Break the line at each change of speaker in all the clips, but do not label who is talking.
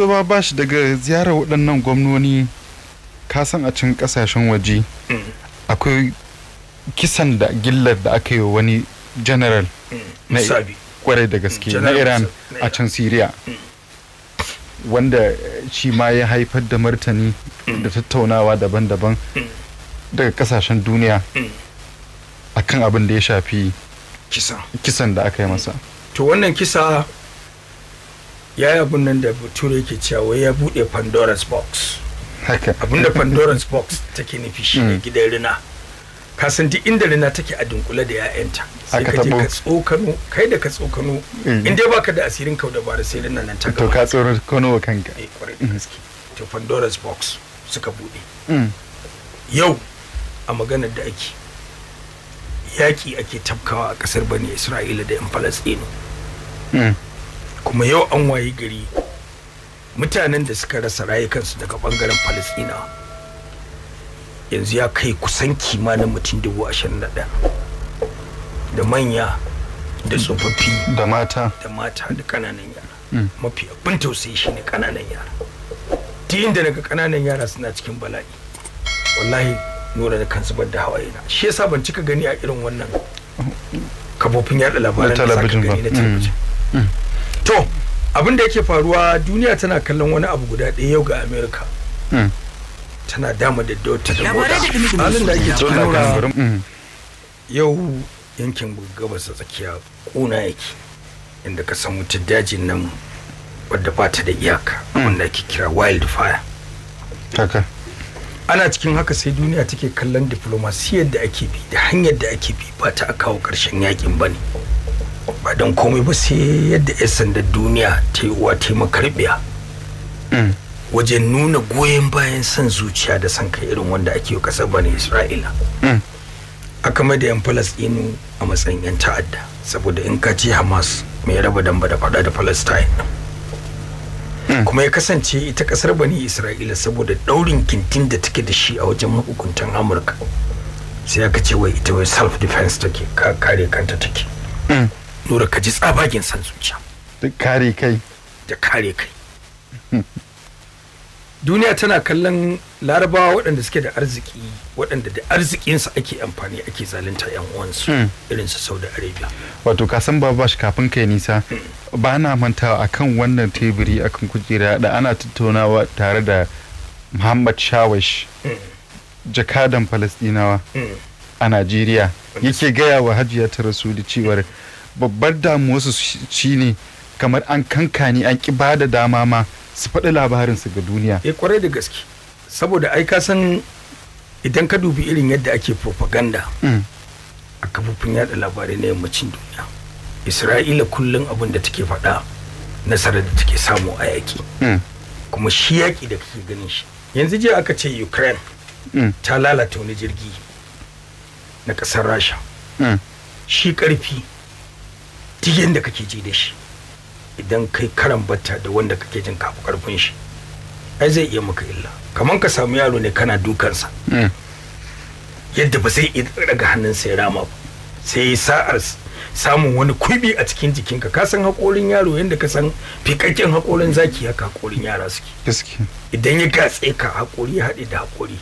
to ba ba shi daga ziyarar waɗannan gwamnoni kasan a cikin ƙasashen waje mm. akwai kisan da gillar da aka yi wani general mm. na kwarai da gaske na iran a can syria mm. wanda shi ma ya haifar da martani da tattaunawa daban-daban daga kasashen duniya akan abin da ya shafi kisan da aka yi masa
to wannan kisa ya yi abin nan da bature yake cewa ya buɗe pandora's box
abin da pandora's
box take nufi shi ne hmm. gidan rina ka san duk inda rina take a dunkule da 'ya'yanta sai ka je ka tsokano kai da ka tsokano hmm. in dai baka da asirin kau da bara sai rina nan ta to ka
kano wa kanka eh kwarai da hmm. gaske
to pandora's box suka
buɗe yau
a maganar da ake yaƙi ake tafkawa a ƙasar bani isra'ila da yan falastinu kuma yau an wayi gari mutanen da suka rasa rayukansu daga bangaren palestina yanzu ya kai kusan kimanin mutum dubu ashirin da da manya da tsofaffi da mata da mata da kananan yara mm. mafi abin tausayi shine kananan yara duk inda daga kananan yara suna cikin bala'i wallahi nura da kan zubar da hawaye na shi yasa ban cika gani a irin wannan kafofin yaɗa labaran da saka gani na mm. talabijin mm. to abin da yake faruwa duniya tana kallon wani abu guda ɗaya yau ga america hmm. tana dama da dota da moda halin da ake cikin nura hmm. yau yankin gabas da tsakiya kuna yake inda ka san wutar dajin nan wadda ba ta da iyaka wanda hmm. ake kira wildfire ana cikin haka sai duniya take kallon diplomasiyar da ake bi da hanyar da ake bi ba ta kawo ƙarshen yakin ba ne ba don komai ba sai yadda 'yan sandar duniya ta yi uwa ta makarbiya mm. wajen nuna goyon bayan son zuciya da son kai irin wanda ake yi kasar bane isra'ila mm. aka mai da 'yan falastinu a matsayin 'yan ta'adda saboda in ka ce hamas mai raba damba da faɗa da palestine mm. kuma ya kasance ita kasar bani isra'ila saboda daurin kintin da take da shi a wajen mahukuntan amurka sai aka ce wai ita wai self defense take ka kare kanta take nura ka ji tsabagen san zuciya
da kare kai
da kare kai duniya tana kallon larabawa waɗanda suke da arziki waɗanda da arzikinsa ake amfani ake zalunta yan uwansu hmm. irin su saudi arabia
wato ka san babash kafin kai nisa hmm. ba na mantawa akan wannan teburi akan kujera da ana tattaunawa tare da muhammad shawash hmm. jakadan falastinawa a najeriya yake gaya wa hajiya ta rasu da cewar babbar damuwarsu shine kamar an kankani an ki bada dama ma su faɗi labarinsu ga duniya eh kwarai da gaske saboda ai ka san idan ka
dubi irin yadda ake propaganda mm. a kafofin yada labarai na yammacin duniya isra'ila kullum abin da take faɗa nasarar da take samu a yaƙi mm. kuma shi yaƙi da kake ganin shi yanzu jiya aka ce ukraine mm. ta lalata wani jirgi na ƙasar rasha shi ƙarfi duk yadda kake ji da shi idan kai karan batta da wanda kake jin kafu karfin shi ai zai iya maka illa kamar ka samu yaro ne kana dukansa hmm. yadda ba zai iya daga hannunsa ya rama ba sai sa'ar samun wani kubi a cikin jikinka ka san haƙorin yaro yadda ka san fikakken haƙorin zaki haka haƙorin yara suke idan ya gatse ka haƙori ya haɗe da haƙori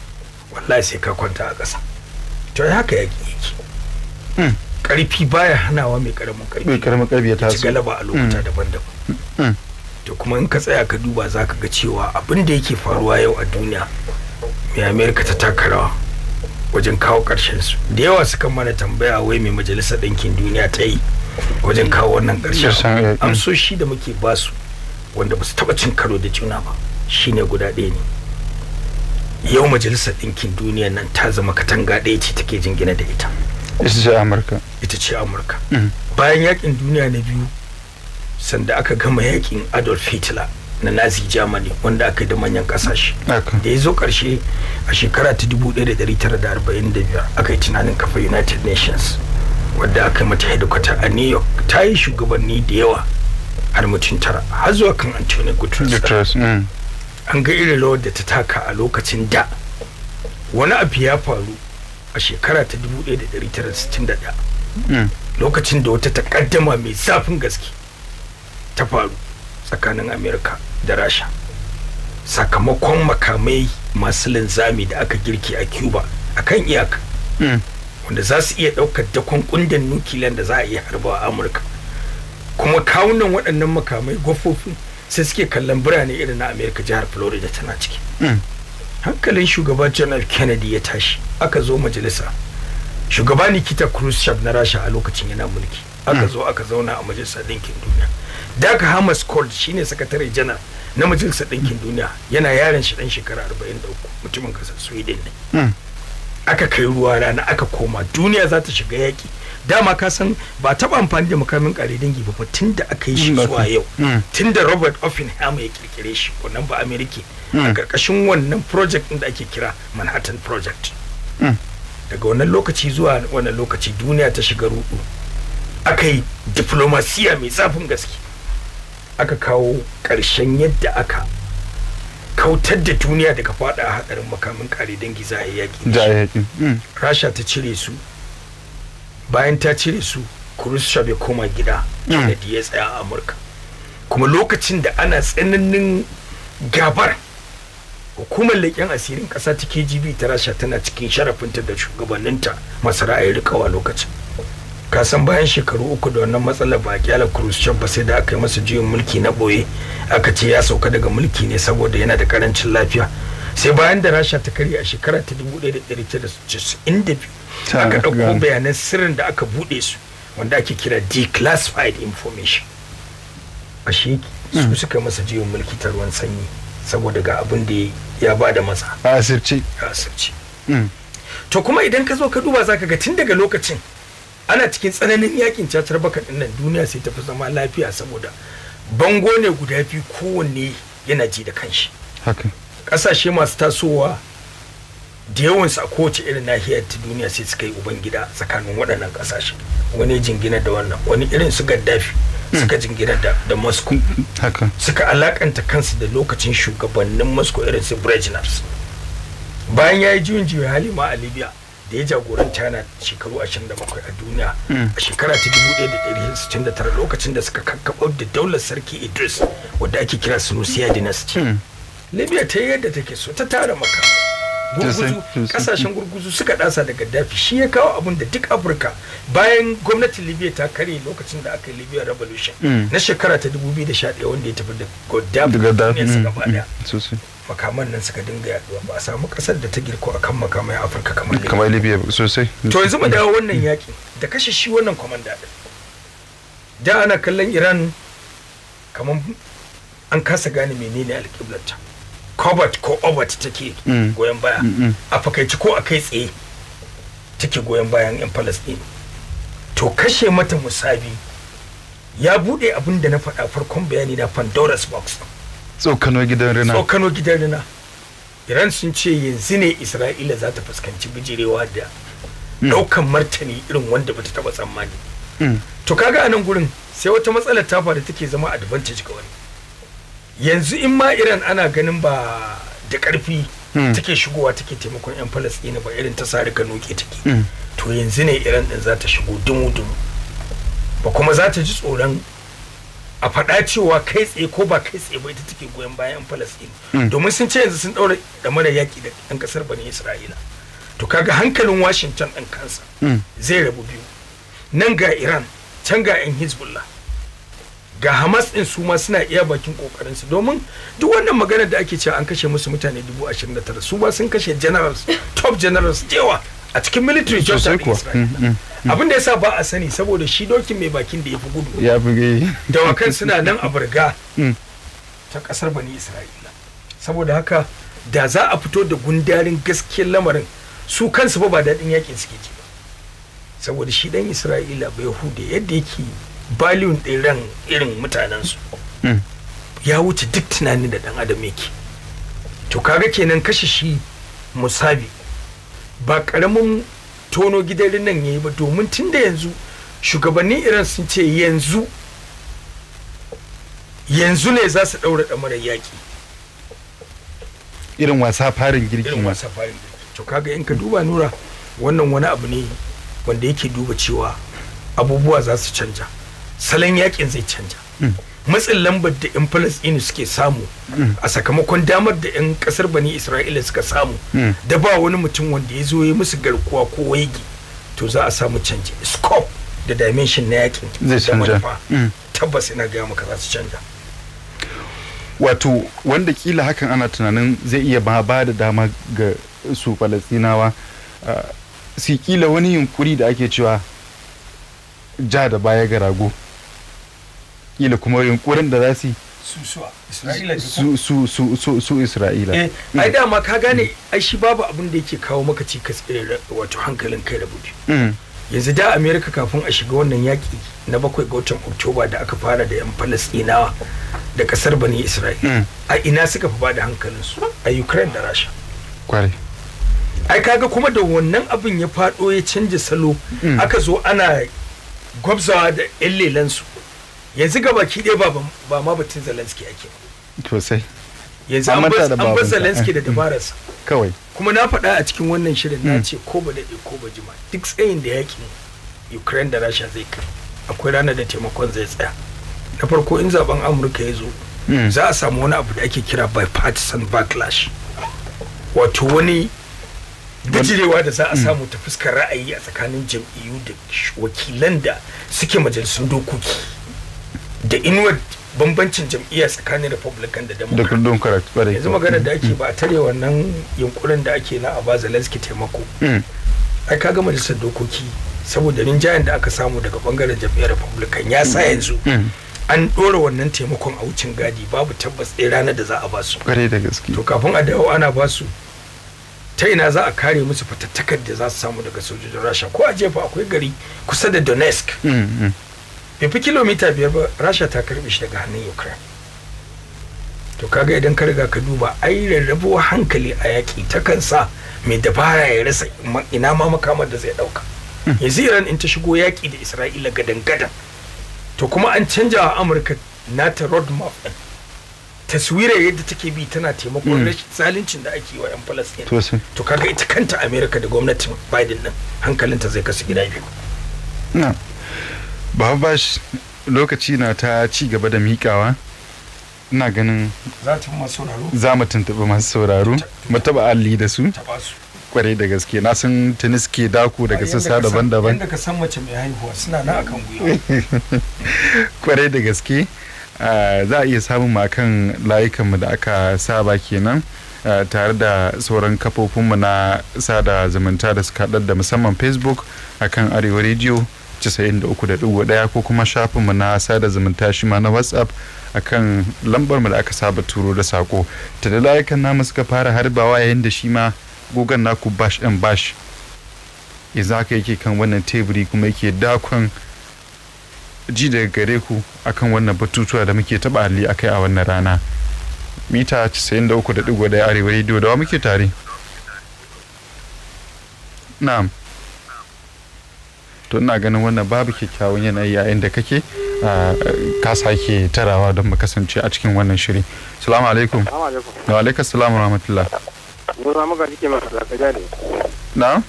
wallahi sai ka kwanta a ƙasa to haka yaƙi yake hmm. karfi baya hanawa mai karamin
karfi mai karamin karfi ya taso galaba a lokuta mm.
daban-daban mm. to kuma in ka tsaya ka duba za ka ga cewa abin da yake faruwa yau a duniya mai amerika ta taka rawa wajen kawo ƙarshen su da yawa suka mana tambaya wai mai majalisar ɗinkin duniya ta yi wajen kawo wannan ƙarshen amsoshi da muke basu wanda ba su taɓa cin karo da juna ba shine guda ɗaya ne yau majalisar ɗinkin duniya nan ta zama katanga ɗaya ce take jingina da ita
ita ce amurka
ita ce amurka mm-hmm. bayan yakin duniya na biyu sanda aka gama yakin adolf hitler na nazi germany wanda aka yi da manyan kasashe da ya zo karshe a shekara ta 1945 aka yi tunanin kafa united nations wadda aka mata hedikwata a new york ta yi shugabanni da yawa har mutum tara har zuwa kan antony guterres mm. an ga irin rawar da ta taka a lokacin da wani abu ya faru a shekara ta 1961 hmm. lokacin da wata takaddama mai zafin gaske ta faru tsakanin amerika da rasha sakamakon makamai masu linzami da aka girki a cuba a kan iyaka hmm. wanda za su iya ɗaukar dakon kundin nukiliyan da za a iya harba a amurka kuma kawunan waɗannan makamai gwafofin sai suke kallon birane irin na amerika jihar florida tana ciki hmm. hankalin shugaba john f kennedy ya tashi aka zo majalisa shugaba nikita khrushchev na rasha a lokacin yana mulki aka hmm. zo aka zauna a majalisar ɗinkin duniya daga hamas cold shine sakatare janar na majalisar ɗinkin hmm. duniya yana yaron shi ɗan shekara 43 mutumin ƙasar sweden ne hmm. aka kai ruwa rana aka koma duniya za ta shiga yaƙi dama ka san ba taɓa amfani da makamin ƙare dangi ba tun da aka yi shi mm, zuwa yau mm. tun da robert offenham ya kirkire shi wannan ba amerika mm. a ƙarƙashin wannan project da ake kira manhattan project daga wannan lokaci zuwa wannan lokaci duniya ta shiga rudu aka yi diplomasiya mai tsafin gaske aka kawo ƙarshen yadda aka kautar da duniya daga fada hadarin makamin kare dangi za
a
rasha ta cire su bayan ta cire su khrushchev ya koma gida da ya mm. tsaya a amurka kuma lokacin da ana tsananin gabar hukumar leƙen asirin ƙasa ta kgb ta rasha tana cikin sharafinta da shugabanninta masu ra'ayi rikawa lokacin ka san bayan shekaru uku da wannan matsalar ba kyala khrushchev ba sai da aka yi masa juyin mulki na boye aka ce ya sauka daga mulki ne saboda yana da karancin lafiya sai bayan da rasha ta karya a shekara ta dubu ɗaya da biyu. aka ɗauko bayanan sirrin da aka buɗe su wanda ake kira declassified information a shi su hmm. suka masa jiyon mulki ta ruwan sanyi saboda ga abin da ya ba da masa asirci asirci hmm. to kuma idan ka zo ka duba zaka ga tun daga lokacin ana cikin tsananin yakin cacar baka din nan duniya sai ta fi zama lafiya saboda bango ne guda fi kowanne yana ji da kanshi haka kasashe masu tasowa da yawansu a kowace irin nahiyar ta duniya sai suka yi ubangida tsakanin waɗannan kasashe wani jingina da wannan wani irin su gaddafi suka mm. jingina da, moscow suka alakanta kansu da lokacin shugabannin moscow irin su brejnevs bayan ya yi juyin juya halima a libya da ya jagoran china shekaru 27 a duniya mm. a shekara ta 1969 lokacin da suka kakkaɓo da daular sarki idris wadda ake kira sunusiya dynasty mm. libya ta yi yadda take so ta tara maka kasashen gurguzu suka dasa da gaddafi shi ya kawo abin da duk afirka bayan gwamnatin libya ta kare lokacin da aka yi libya revolution mm. na shekara ta 2011 wanda ya tafi da gaddafi ne suka mm,
mm,
makaman nan suka dinga yaduwa ba a samu kasar da ta girko akan makamai afirka kamar libya
kamar libya sosai to yanzu mu dawo
wannan yakin da kashe shi wannan kwamanda din da ana kallon iran kamar an kasa gane menene ta covert ko overt take mm. goyon baya mm, mm. a fakaici ko a kai tsaye take goyon bayan yan palestine to kashe mata musabi ya bude abin da na faɗa farkon bayani na pandora's box
tsokano gidan rina
tsokano gidan rina iran sun ce yanzu ne isra'ila za ta fuskanci bijirewa da ɗaukan martani irin wanda bata taba tsammani to kaga a nan gurin sai wata matsalar ta faru take zama advantage ga wani yanzu in ma iran ana ganin ba da karfi hmm. take shigowa take taimakon yan falasɗina ba irin ta sari ka noke take hmm. to yanzu ne iran din za ta shigo dumu-dumu ba kuma za ta ji tsoron a faɗa cewa kai tsaye ko ba kai tsaye ba ita take goyon bayan falasɗin hmm. domin sun ce yanzu sun ɗaura mara yaƙi da yan ƙasar bani isra'ila to kaga hankalin washington ɗin kansa zai rabu biyu nan ga iran can ga 'yan hezbollah ga hamas din su ma suna iya bakin kokarin su domin duk wannan magana da ake cewa an kashe musu mutane dubu ashirin su ba sun kashe generals top generals cewa a cikin military job da israel mm, mm, mm. abin da yasa ba a sani saboda shi dokin mai bakin da ya fi gudu
ya fi dawakan suna
nan a burga ta kasar bani isra'ila saboda haka da za a fito da gundarin gaskiyar lamarin su kansu ba ba daɗin yakin suke ji ba saboda shi dan isra'ila bai hude yadda yake value ɗin irin mutanensu hmm. ya wuce duk tunanin da ɗan adam yake to kaga kenan kashe shi musabi ba ƙaramin tono gidarin nan ya yi ba domin tun da yanzu shugabannin iran sun ce yanzu yanzu ne za su ɗaura ɗamarar yaƙi
irin wasa farin girki irin wasa farin to
kaga in ka duba nura wannan wani abu ne wanda yake duba cewa abubuwa za su canja salon yakin zai canja hmm. matsin lambar da 'yan falasɗinu suke samu hmm. a sakamakon damar da 'yan kasar bani isra'ila suka samu hmm. da ba wani mutum wanda ya zo ya musu garkuwa ko waigi to za a samu canji scope da dimension na yakin zai canja tabbas ina gaya maka za su canja
wato wanda kila hakan ana tunanin zai iya ba da dama ga su palestinawa su kila wani yunkuri da ake cewa ja da baya ga rago Isra'ila kuma yunkurin da za su
yi
su su isra'ila eh mm. ai dama ka gane mm.
ai shi babu abin da yake kawo maka cikas eh, wato hankalin kai da buɗe mm. yanzu da america kafin a shiga wannan yaki na bakwai ga watan oktoba da aka fara da yan falastinawa da kasar bani isra'ila a ina suka fi bada hankalin su a ukraine da rasha kware ai kaga kuma da wannan abin ya fado ya canja salo aka zo ana gwabzawa da yan su. yanzu ga baki ɗaya ba ma batun zelensky ake sosai yanzu an ba zelensky da dabararsa kawai kuma na faɗa a cikin wannan shirin na hmm. ce ko ba daɗe ko ba jima duk tsayin da yakin ukraine da rasha zai kai akwai ranar da taimakon zai tsaya na farko in zaben amurka ya zo hmm. za a samu wani abu da ake kira bipartisan backlash wato wani gajirewa da za a hmm. samu ta fuskar ra'ayi a tsakanin jam'iyyu da wakilan da suke majalisun dokoki da inuwar bambancin jam'iyya tsakanin republican da
democrat yanzu magana da ake mm. ba
a tare wannan yunkurin da ake na a zelensky taimako mm. ai kaga majalisar dokoki saboda rinjayen da aka samu daga bangaren jam'iyyar republican ya sa mm. yanzu an ɗora wannan taimakon a wucin gadi babu tabbas ɗaya ranar da za a ba su
to kafin a dawo
ana ba su ta ina za a kare musu fatattakar da za su samu daga sojojin rasha ko a jefa akwai gari kusa da donetsk bai fi kilomita biyar ba rasha ta karbe shi daga hannun ukraine to kaga idan ka riga ka duba ai rarrabuwa hankali a yaƙi ta sa mai dabara ya rasa ina ma makamar da zai ɗauka hmm. yanzu iran in ta shigo yaƙi da isra'ila gadan gadan to kuma an canja wa amurka nata road map ɗin taswira yadda take bi tana taimakon hmm. rashin zaluncin da ake yi wa 'yan falastin to kaga ita kanta amerika da gwamnatin biden ɗin hankalinta zai kasu gida biyu
babash lokaci na ta ci gaba da miƙawa ina ganin za mu tuntuɓi masu sauraro mu taɓa alli da su kwarai da gaske na san tunis ke dako daga sassa daban-daban yadda
ka san mace mai haihuwa suna na akan gwiwa
kwarai da gaske ah, za a iya samun makan layukanmu da aka saba kenan ah, tare da sauran kafofinmu na sada zumunta da suka da musamman facebook akan arewa radio. 93.1 ko kuma shafinmu na sada zumunta shi ma na whatsapp akan lambar mu da aka saba turo da sako ta da layukan namu suka fara harbawa yayin da shi ma gogan naku bash and bash ya zaka yake kan wannan teburi kuma yake dakon ji daga gare ku akan wannan batutuwa da muke taba hali a kai a wannan rana mita 93.1 arewa rediyo da wa muke tare to ina ganin wannan babu kyakkyawan yanayi yayin da kake ka sake tarawa don mu kasance a cikin wannan shiri salamu alaikum wa alaikum salam wa rahmatullah
musa magaji ke masu da jari. na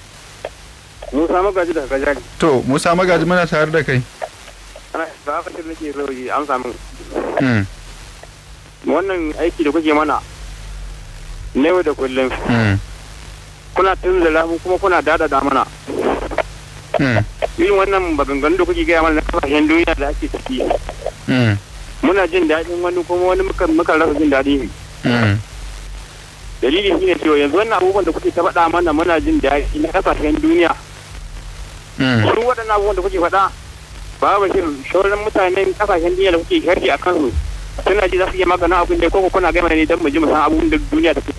musa magaji da jari.
to musa magaji muna tare da kai
ba shirin nake rauni an samu wannan aiki da kuke mana na yau da kullum hmm. kuna da mu kuma kuna dada da mana hmm. irin wannan maganganu da kuke gaya mana na kasashen duniya da ake ciki mm. muna jin daɗin wani kuma wani muka rasa jin daɗi ne mm. dalilin shi ne cewa yanzu wannan abubuwan da kuke ta faɗa mana muna jin daɗi na kasashen duniya
mm. su waɗannan
abubuwan da kuke faɗa babu shi sauran mutanen kasashen duniya da kuke sharhi a kansu suna ji za su iya magana abin da koko kuna gama ne don mu ji mu san abubuwan da duniya ta fi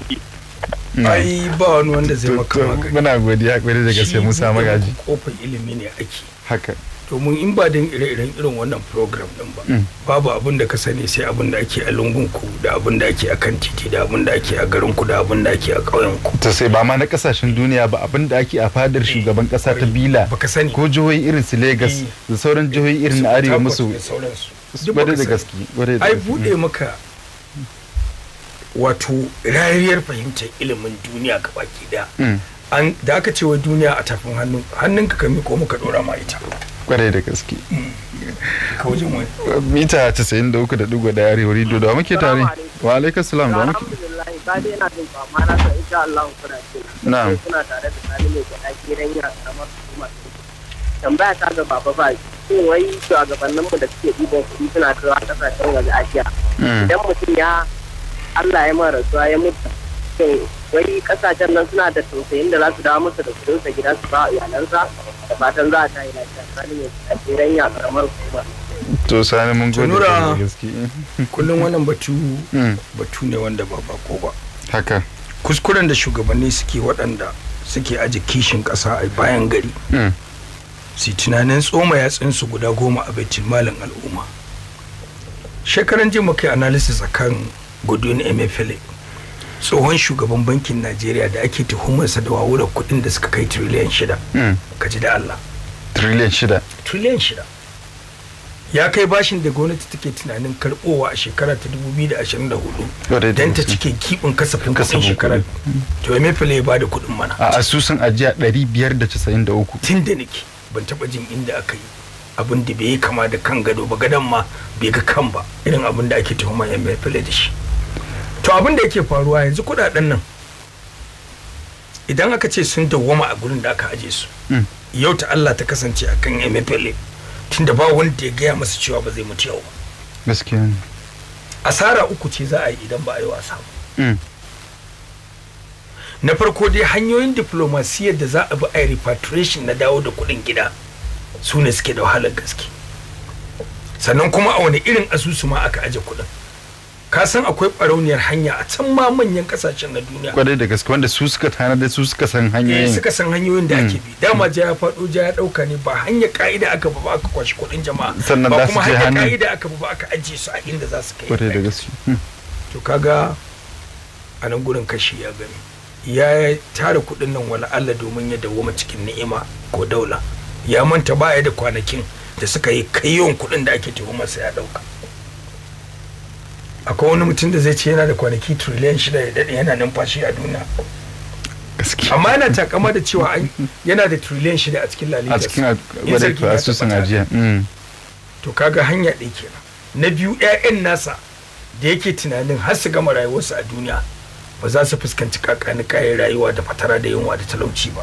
ai ba wani wanda zai maka magani muna godiya kwarai da gaske musa magaji
kofar ilimi ne ake haka domin in ba don ire-iren irin wannan program din ba mm. babu abin da ka sani sai abin da ake a lungunku da abin da ake a kan titi da abin da ake a garinku da abin da ake a ƙauyenku
ta sai ba ma na kasashen duniya ba abin da ake a fadar eh, shugaban ƙasa ta bila ko jihohi irin su lagos eh, da sauran jihohi irin na arewa musu
wadai da gaske ai bude mm. maka wato rariyar fahimtar ilimin duniya gabaki daya mm. an da aka ce wa duniya a tafin hannu hannunka ka ko muka dora ma ita
kwarai da gaske mm. kaujin wani mita 93.1 arewa rido da muke tare wa alaikar salam da muke
jin tare
da tambaya ta ga baba ba shin wai shugabannin mu da suke ɗiban kuɗi suna kaiwa kasashen waje Asiya mm. idan mutum ya Allah ya mara rasuwa ya mutu to wai kasashen nan suna da tausayin da za su dawo musu da kudinsa gida su ba iyalansa da fatan za a ta yi lafiya sani ya a tseren ya karamar kuma.
to sani mun gode da gaske
kullum wannan batu hmm. batu ne wanda ba bako ba haka kuskuren da shugabanni suke waɗanda suke aji kishin ƙasa a bayan gari hmm. su tunanin tsoma tsinsu guda goma a baitin malin al'umma shekaran jin muka yi analysis kan godwin emefiele tsohon shugaban bankin najeriya da ake tuhumarsa da wawurar kudin da suka kai triliyan shida hmm. ka da allah
triliyan shida
triliyan shida ya kai bashin da gwamnati take tunanin karbowa a shekara ta 2024 don ta cike
kibin kasafin kuɗin shekara
to emefiele ya bada kudin mana a
asusun ajiya 593
tun da nake ban taba jin inda aka yi abin da bai kama da kan gado ba gadon ma bai ga kan ba irin abin da ake tuhumar emefiele da shi to abin da yake faruwa yanzu kudaden nan idan aka ce sun dawoma a gurin da aka aje su mm. yau ta Allah ta kasance a kan MFLA tunda ba wanda ya gaya masu cewa ba zai mutu yau gaskiya asara uku ce za a yi idan ba a yi wasa ba mm. na farko dai hanyoyin diplomasiyyar da za a bi a repatriation na dawo da kuɗin gida su ne suke da wahalar gaske sannan kuma a wani irin asusu ma aka aje kuɗin ka san akwai barauniyar hanya a can ma manyan kasashen na duniya
kwarai da gaske wanda su suka tana da su suka san hanyoyin eh, suka san hanyoyin da ake mm.
bi dama ja ya fado ja ya dauka ne ba hanya ka'ida aka ba aka kwashi kudin jama'a sannan ba kuma hanya ka'ida aka ba aka ajiye su a inda za su kai
kwarai da gaske mm.
to kaga a nan gurin kashi ya gani ya tara kudin nan wala Allah domin ya dawoma cikin ni'ima ko daula ya manta baya da kwanakin da suka yi kayon kudin da ake tuhumarsa ya dauka akwai wani mutum da zai ce yana da kwanaki triliyan shida ya daɗe yana numfashi a duniya amma yana takama da cewa yana da triliyan shida a cikin lalita a cikin asusun
ajiya mm.
to kaga hanya ɗaya kenan na biyu 'ya'yan nasa da yake tunanin har su gama rayuwarsu a duniya ba za su fuskanci kakani kayan rayuwa da fatara da yunwa da talauci ba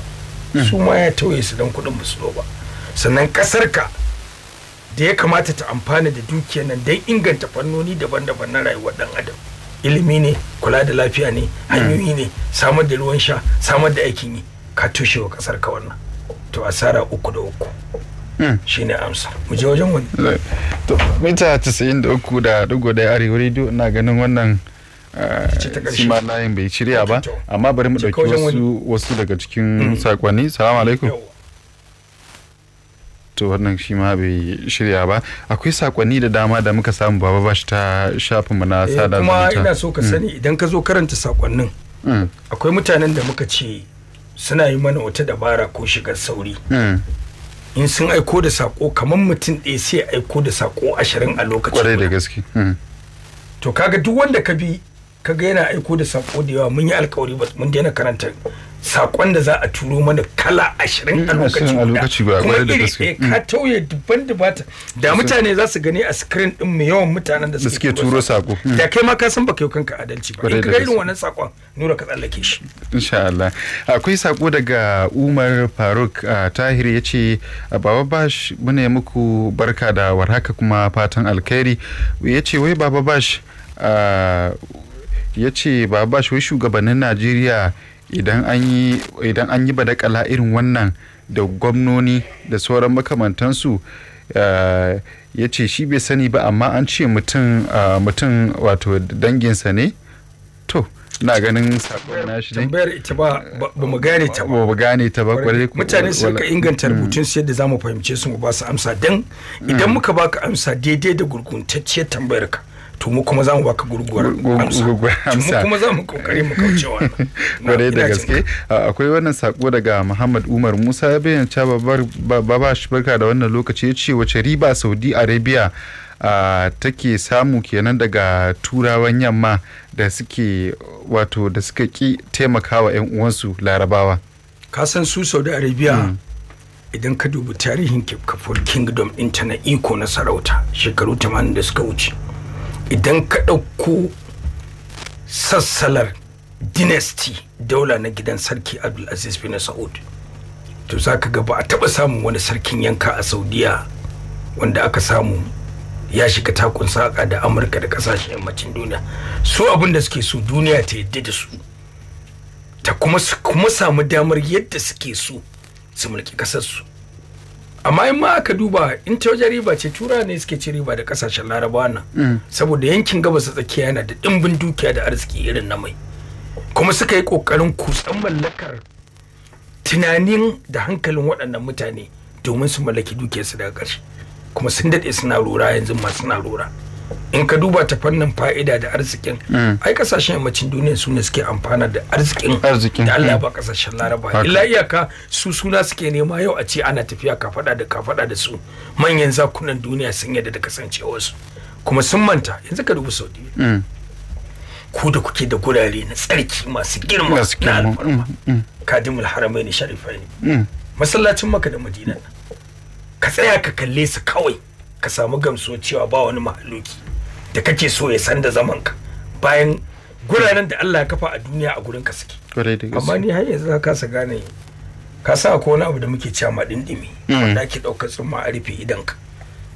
mm. su ma ya tauye su don kuɗin musu ba sannan ƙasar ka da ya kamata ta amfana da dukiyar nan don inganta fannoni daban-daban na rayuwar dan adam ilimi ne kula da lafiya ne hanyoyi ne samar da ruwan sha samar da aikin yi ka toshe wa kasar ka wannan to asara uku da uku
hmm. shine amsa mu je wajen wani to mita 93 da dugo da arewa rediyo ina ganin wannan eh, shima layin bai shirya ba amma bari mu dauki wasu daga cikin hmm. sakonni salamu alaikum to wannan shi ma bai shirya ba akwai sakonni da dama da muka samu baba bashi ta shafin mu na eh, sada kuma ina so ka mm. sani
idan ka zo karanta sakonnin mm. akwai mutanen da muka ce suna yi mana wata dabara ko shigar sauri mm. in sun aiko da sako kamar mutum ɗaya sai aiko da sako ashirin a lokacin kwarai da gaske to kaga duk wanda ka bi kaga yana aiko da sako da yawa mun yi alkawari mun daina karanta sakon da za a turo mana kala ashirin a lokaci guda kuma iri eh, mm. ka tauye dubban dubata da mutane za su gani a screen din mu yawan mutanen da suke turo sako mm. da kai ma ka san baka yau kanka adalci ba in ka irin wannan sakon nura ka tsallake shi
insha Allah akwai sako daga Umar Faruk Tahir yace baba bash muna muku barka da warhaka kuma fatan alkhairi yace wai baba bash ya ce ba shi shugabannin najeriya idan an yi badakala irin wannan da gwamnoni da sauran makamantansu eh, ya ce shi bai sani ba amma an ce mutum eh, wato danginsa ne to na ganin sakon nashi ne tambayar ita ba ba mu gane ta ba ba gane ta ba kwarai mutane su ka inganta
hmm. rubutun su yadda zamu fahimce su mu ba su amsa dan idan hmm. muka baka amsa daidai da gurguntacciyar tambayar ka tumu kuma za mu baka gurguwar amsa kuma za mu kokari mu kaucewa
gore da gaske akwai wannan sako daga Muhammad Umar Musa ya bayyana shi barka da wannan lokaci ya ce wace riba Saudi Arabia Uh, take samu kenan daga turawan yamma da suke wato da suka ki taimakawa 'yan uwansu larabawa ka san su saudi arabia
hmm. idan ka dubi tarihin
kafuwar kingdom ta na iko na sarauta shekaru
80 da suka wuce idan ka ɗauko sassalar dynasty daula na gidan sarki abdulaziz bin saud to za ka ga ba a taɓa samun wani sarkin yanka a saudiya wanda aka samu ya shiga takun saƙa da amurka da ƙasashen yammacin duniya su abin da suke so duniya ta yadda da su ta kuma samu damar yadda suke so su mulki ƙasarsu amma in ma aka duba in ta wajen riba ce tura ne suke ci riba da kasashen larabawa nan mm. saboda yankin gabas ta tsakiya yana da dimbin dukiya da arziki irin na mai kuma suka yi kokarin kutsan mallakar tunanin da hankalin waɗannan mutane domin su mallaki dukiyarsu daga ƙarshe kuma sun daɗe suna rora yanzu ma suna rora in ka duba ta fannin fa'ida da arzikin mm. ai kasashen yammacin duniya su ne suke amfana da arzikin da Allah mm. ba kasashen laraba illa iyaka su suna suke nema yau a ce ana tafiya ka fada da ka fada da su manyan zakunan duniya sun yadda da kasancewar su kuma sun manta yanzu ka dubi saudi mm. ku da kuke da gurare na tsarki masu girma na alfarma kadimul haramai sharifaini masallacin maka da madina ka tsaya ka kalle su kawai ka samu gamsuwa cewa ba wani mahaluki da kake so ya san da zaman ka bayan guranan da Allah ya kafa a duniya a gurin ka suke amma ni har yanzu ka sa gane ka sa ko wani abu da muke cewa ma dindimi hmm. wanda ake daukar tsumma a rufe idan ka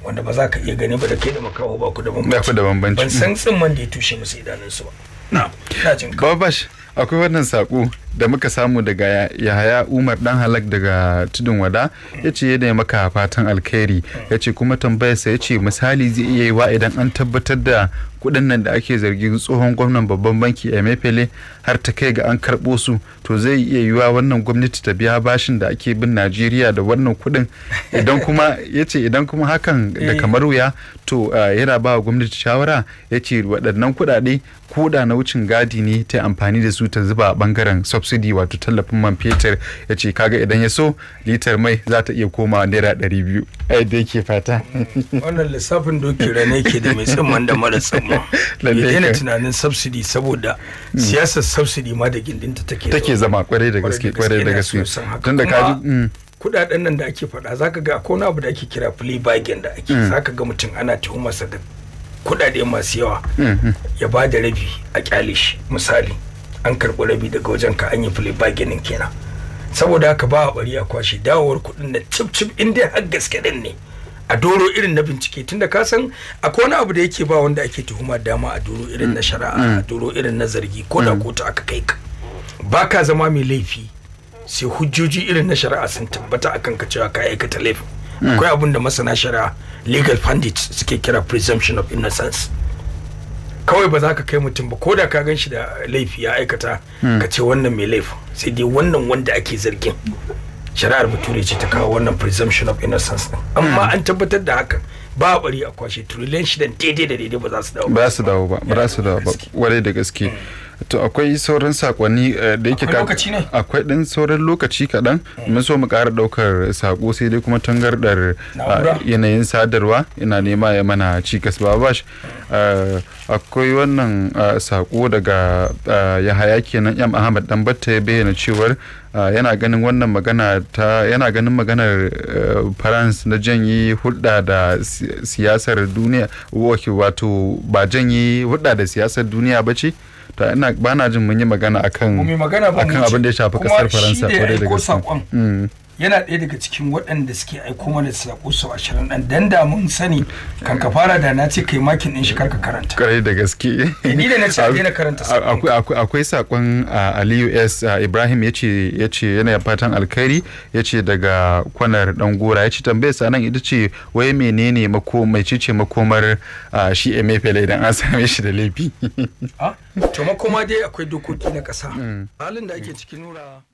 wanda ba za ka iya gani ba da kai da makaho ba ku da bambanci ban san tsumman da ya tushe musu su
ba na jin ka babash akwai wannan sako da muka samu daga yahaya umar dan halak daga tudun wada ya ce yana maka fatan alkhairi ya ce kuma tambayarsa ya ce misali zai iya wa idan an tabbatar da kudin nan da ake zargin tsohon gwamnan babban banki a emefele har ta kai ga an karɓo su to zai iya wa wannan gwamnati ta biya bashin da ake bin najeriya da wannan kudin idan kuma ya ce idan kuma hakan da eh. kamar wuya to yana ba wa gwamnati shawara ya ce waɗannan kuɗaɗe koda na wucin gadi ne ta amfani da su ta zuba a bangaren subsidy wato tallafin man fetur ya ce kaga idan ya so litar mai za ta iya koma naira ɗari biyu da yake fata
wannan lissafin doki rana ke da mai tsamman da mara tsamman ya daina
tunanin subsidy saboda hmm. siyasar
subsidy ma da gindinta take take zama kwarai da gaske kwarai da gaske tun da kaji kudaden hmm. nan da ake faɗa zaka ga akwai wani abu da ake kira plea bargain da ake hmm. zaka ga mutum ana tuhumarsa da kudade masu yawa ya ba da rabi a kyale shi misali an karɓi rabi daga wajen ka an yi fili baginin kenan saboda haka ba a bari a kwashe dawowar kuɗin na cip cip in dai har gaske din ne a doro irin na bincike tunda ka san akwai wani abu da yake ba wanda ake tuhuma dama a doro irin na mm. shari'a a mm. doro irin na zargi ko da mm. kotu aka kai ka ba ka zama mai laifi sai hujjoji irin na shari'a sun tabbata akan ka cewa ka aikata laifin akwai abin da masana shari'a legal pundits suke kira presumption of innocence kawai ba za ka kai mutum ba ko da ka gan shi da laifi ya aikata hmm. ka ce wannan mai laifin sai dai wannan wanda ake zargin shari'ar bature ce ta kawo wannan presumption of innocence amma hmm. an tabbatar da hakan ba bari a kwashe turulen shi daidai da daidai ba za su dawo
ba su dawo ba ba su dawo ba warai da gaske to akwai sauran sakonni eh, da yake ka akwai din sauran lokaci kaɗan hmm. mun so mu ƙara ɗaukar sako sai dai kuma tangardar ah, yanayin sadarwa ina nema ya mana cikas babash ah, akwai wannan sako daga yahaya kenan yam ahmad dan batta ya bayyana cewar yana ganin wannan magana ta yana ganin maganar france na janyi hulɗa da siyasar duniya wato ba janyi hulɗa da siyasar duniya ba ce ta ina ba na jin mun yi magana akan abin da ya shafi kasar faransa kwarai da gaske
yana ɗaya daga cikin waɗanda suke aiko mana sako sau ashirin ɗan dan da mun sani kan ka fara da na ce kai makin ɗin shi karka karanta
kare da gaske eh, ni da na ce a karanta akwai sakon aliyu s ibrahim ya ce yana fatan alkhairi ya ce daga kwanar ɗan gora ya ce tambayar sa nan ita ce wai menene mai ce makomar shi emefele idan an same shi da laifi ah,
to makoma dai akwai dokoki na ƙasa mm. halin da ake cikin nura